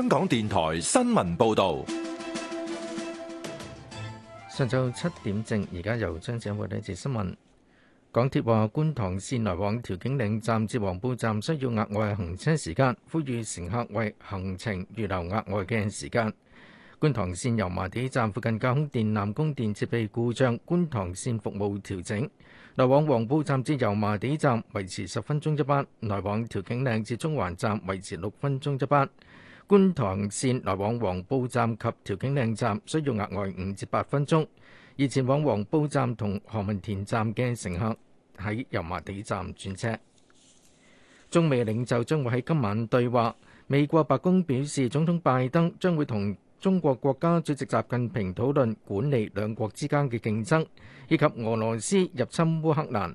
香港電台新聞報道，上晝七點正，而家由張子偉帶住新聞。港鐵話：觀塘綫來往調景嶺站至黃埔站需要額外行車時間，呼籲乘客為行程預留額外嘅時間。觀塘綫油麻地站附近架空電纜供電設備故障，觀塘綫服務調整，來往黃埔站至油麻地站維持十分鐘一班，來往調景嶺至中環站維持六分鐘一班。觀塘線來往黃埔站及調景嶺站需要額外五至八分鐘，而前往黃埔站同何文田站嘅乘客喺油麻地站轉車。中美領袖將會喺今晚對話。美國白宮表示，總統拜登將會同中國國家主席習近平討論管理兩國之間嘅競爭，以及俄羅斯入侵烏克蘭。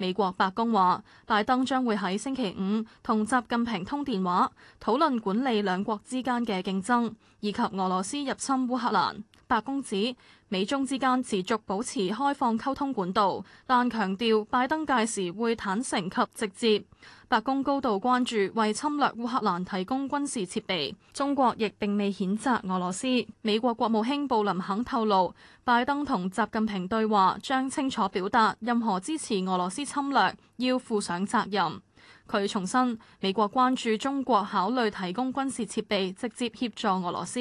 美國白宮話，拜登將會喺星期五同習近平通電話，討論管理兩國之間嘅競爭，以及俄羅斯入侵烏克蘭。白宮指美中之間持續保持開放溝通管道，但強調拜登屆時會坦誠及直接。白宮高度關注為侵略烏克蘭提供軍事設備，中國亦並未譴責俄羅斯。美國國務卿布林肯透露，拜登同習近平對話將清楚表達任何支持俄羅斯侵略要負上責任。佢重申，美國關注中國考慮提供軍事設備直接協助俄羅斯。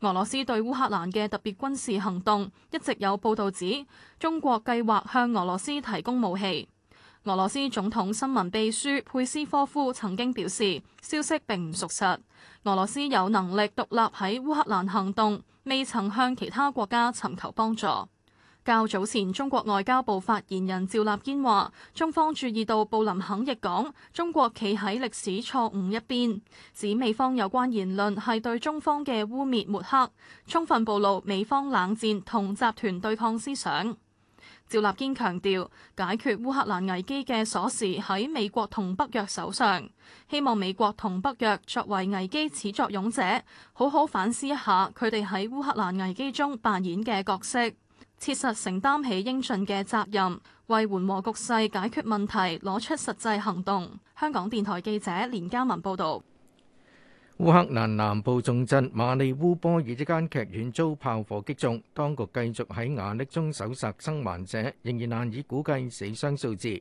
俄羅斯對烏克蘭嘅特別軍事行動，一直有報道指，中國計劃向俄羅斯提供武器。俄羅斯總統新聞秘書佩斯科夫曾經表示，消息並唔屬實。俄羅斯有能力獨立喺烏克蘭行動，未曾向其他國家尋求幫助。較早前，中國外交部發言人趙立堅話，中方注意到布林肯亦講中國企喺歷史錯誤一邊，指美方有關言論係對中方嘅污蔑抹黑，充分暴露美方冷戰同集團對抗思想。趙立堅強調，解決烏克蘭危機嘅鎖匙喺美國同北約手上，希望美國同北約作為危機始作俑者，好好反思一下佢哋喺烏克蘭危機中扮演嘅角色，切實承擔起應盡嘅責任，為緩和局勢、解決問題攞出實際行動。香港電台記者連家文報導。烏克蘭南部重鎮馬利烏波爾一間劇院遭炮火擊中，當局繼續喺瓦礫中搜尋生還者，仍然難以估計死傷數字。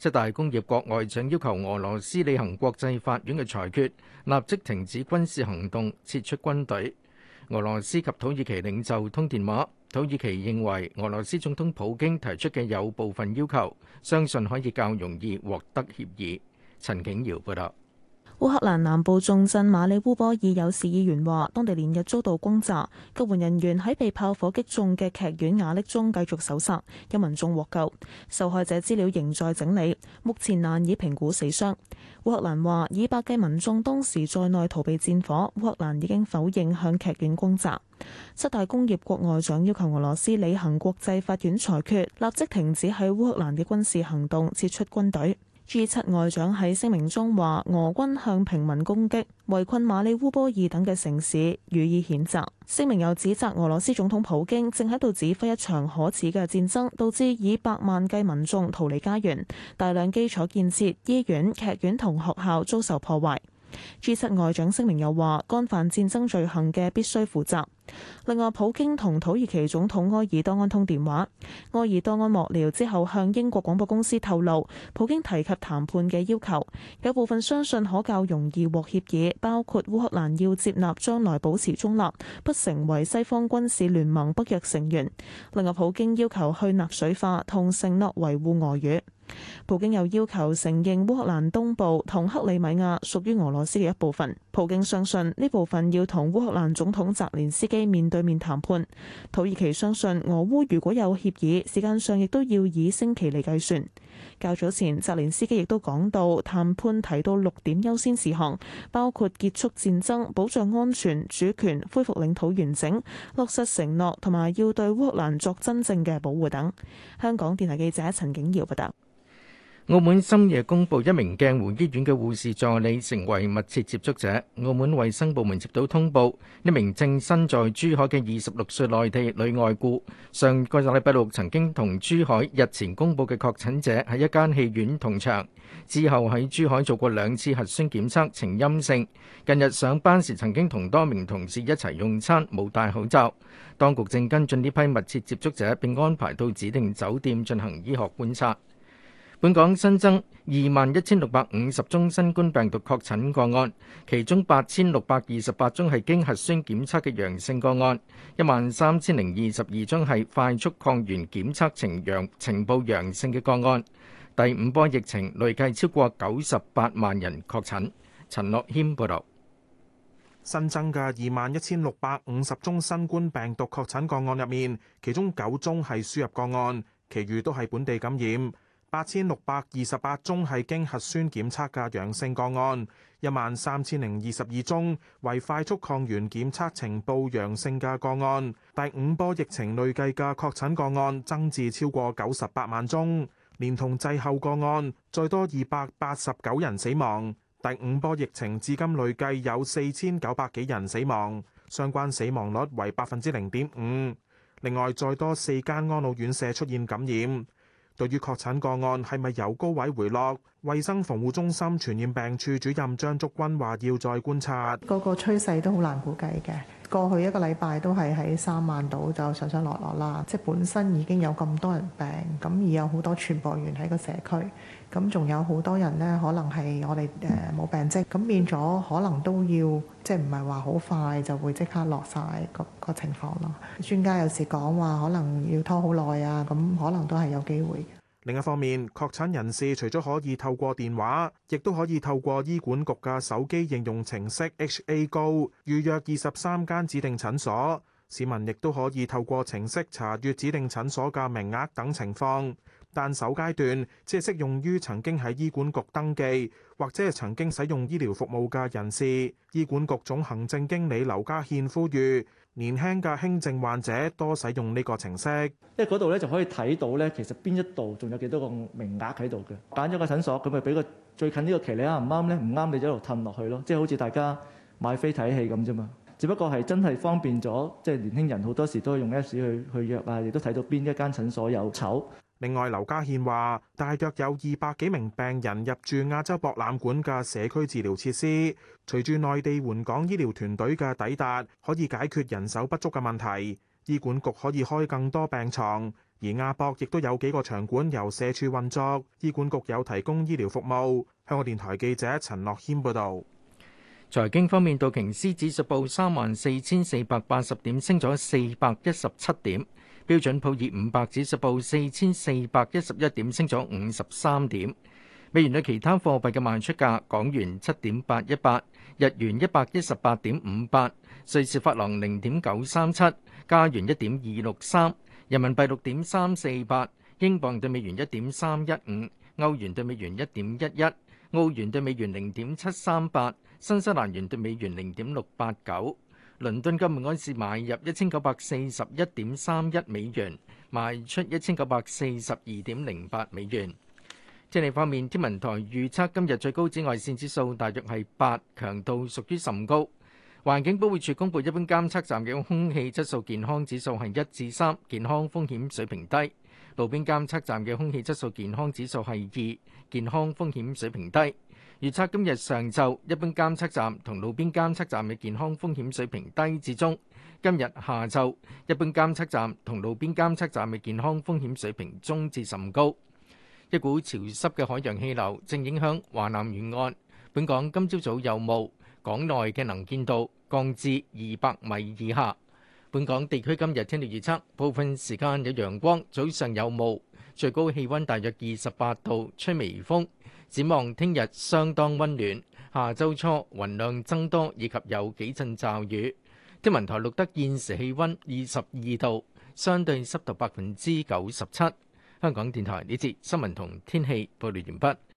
七大工業國外長要求俄羅斯履行國際法院嘅裁決，立即停止軍事行動，撤出軍隊。俄羅斯及土耳其領袖通電話。土耳其認為俄羅斯總統普京提出嘅有部分要求，相信可以較容易獲得協議。陳景瑤報道。烏克蘭南部重鎮馬里烏波爾有市議員話，當地連日遭到轟炸，救援人員喺被炮火擊中嘅劇院瓦礫中繼續搜查，有民眾獲救，受害者資料仍在整理，目前難以評估死傷。烏克蘭話，以百計民眾當時在內逃避戰火，烏克蘭已經否認向劇院轟炸。七大工業國外長要求俄羅斯履行國際法院裁決，立即停止喺烏克蘭嘅軍事行動，撤出軍隊。G7 外長喺聲明中話，俄軍向平民攻擊、圍困馬里烏波爾等嘅城市，予以譴責。聲明又指責俄羅斯總統普京正喺度指揮一場可恥嘅戰爭，導致以百萬計民眾逃離家園，大量基礎建設、醫院、劇院同學校遭受破壞。G7 外長聲明又話，干犯戰爭罪行嘅必須負責。另外，普京同土耳其總統埃爾多安通電話，埃爾多安幕僚之後向英國廣播公司透露，普京提及談判嘅要求，有部分相信可較容易獲協議，包括烏克蘭要接納將來保持中立，不成為西方軍事聯盟北約成員。另外，普京要求去納粹化同承諾維護俄語。普京又要求承認烏克蘭東部同克里米亞屬於俄羅斯嘅一部分。普京相信呢部分要同烏克蘭總統澤連斯基面對面談判。土耳其相信俄烏如果有協議，時間上亦都要以星期嚟計算。較早前，澤連斯基亦都講到談判提到六點優先事項，包括結束戰爭、保障安全、主權、恢復領土完整、落實承諾同埋要對烏克蘭作真正嘅保護等。香港電台記者陳景瑤報道。澳門深夜公布一名鏡湖醫院嘅護士助理成為密切接觸者。澳門衛生部門接到通報，一名正身在珠海嘅二十六歲內地女外雇，上個禮拜六曾經同珠海日前公布嘅確診者喺一間戲院同場，之後喺珠海做過兩次核酸檢測呈陰性。近日上班時曾經同多名同事一齊用餐，冇戴口罩。當局正跟進呢批密切接觸者，並安排到指定酒店進行醫學觀察。本港新增二萬一千六百五十宗新冠病毒確診個案，其中八千六百二十八宗係經核酸檢測嘅陽性個案，一萬三千零二十二宗係快速抗原檢測呈陽呈報陽性嘅個案。第五波疫情累計超過九十八萬人確診，陳樂謙報道。新增嘅二萬一千六百五十宗新冠病毒確診個案入面，其中九宗係輸入個案，其餘都係本地感染。八千六百二十八宗係經核酸檢測嘅陽性個案，一萬三千零二十二宗為快速抗原檢測呈報陽性嘅個案。第五波疫情累計嘅確診個案增至超過九十八萬宗，連同滯後個案，再多二百八十九人死亡。第五波疫情至今累計有四千九百幾人死亡，相關死亡率為百分之零點五。另外，再多四間安老院舍出現感染。對於確診個案係咪由高位回落？衛生防護中心傳染病處主任張竹君話，要再觀察，個個趨勢都好難估計嘅。過去一個禮拜都係喺三萬度就上上落落啦，即係本身已經有咁多人病，咁而有好多傳播源喺個社區，咁仲有好多人咧，可能係我哋誒冇病徵，咁變咗可能都要即係唔係話好快就會即刻落晒個個情況咯。專家有時講話可能要拖好耐啊，咁可能都係有機會嘅。另一方面，確診人士除咗可以透過電話，亦都可以透過醫管局嘅手機應用程式 HA Go 預約二十三間指定診所。市民亦都可以透過程式查閱指定診所嘅名額等情況。但首階段只適用於曾經喺醫管局登記或者係曾經使用醫療服務嘅人士。醫管局總行政經理劉家憲呼籲。年輕嘅輕症患者多使用呢個程式，即係嗰度咧就可以睇到咧，其實邊一度仲有幾多個名額喺度嘅，揀咗個診所，咁咪俾個最近個呢個期，你啱唔啱咧？唔啱你就一路褪落去咯，即係好似大家買飛睇戲咁啫嘛，只不過係真係方便咗，即係年輕人好多時都係用 Apps 去去約啊，亦都睇到邊一間診所有籌。另外，劉家獻話：大約有二百幾名病人入住亞洲博覽館嘅社區治療設施。隨住內地援港醫療團隊嘅抵達，可以解決人手不足嘅問題。醫管局可以開更多病床，而亞博亦都有幾個場館由社署運作，醫管局有提供醫療服務。香港電台記者陳樂軒報導。財經方面，道瓊斯指數報三萬四千四百八十點，升咗四百一十七點。標準普爾五百指數報四千四百一十一點，升咗五十三點。美元對其他貨幣嘅賣出價：港元七點八一八，日元一百一十八點五八，瑞士法郎零點九三七，加元一點二六三，人民幣六點三四八，英鎊對美元一點三一五，歐元對美元一點一一，澳元對美元零點七三八，新西蘭元對美元零點六八九。倫敦金每安士買入一千九百四十一點三一美元，賣出一千九百四十二點零八美元。天氣方面，天文台預測今日最高紫外線指數大約係八，強度屬於甚高。環境保護署公布一般監測站嘅空氣質素健康指數係一至三，健康風險水平低。路邊監測站嘅空氣質素健康指數係二，健康風險水平低。預測今日上晝一般監測站同路邊監測站嘅健康風險水平低至中。今日下晝一般監測站同路邊監測站嘅健康風險水平中至甚高。一股潮濕嘅海洋氣流正影響華南沿岸。本港今朝早有霧，港內嘅能見度降至二百米以下。本港地區今日天氣預測部分時間有陽光，早上有霧，最高氣温大約二十八度，吹微風。展望聽日相當温暖，下周初雲量增多以及有幾陣驟雨。天文台錄得現時氣温二十二度，相對濕度百分之九十七。香港電台呢節新聞同天氣報道完畢。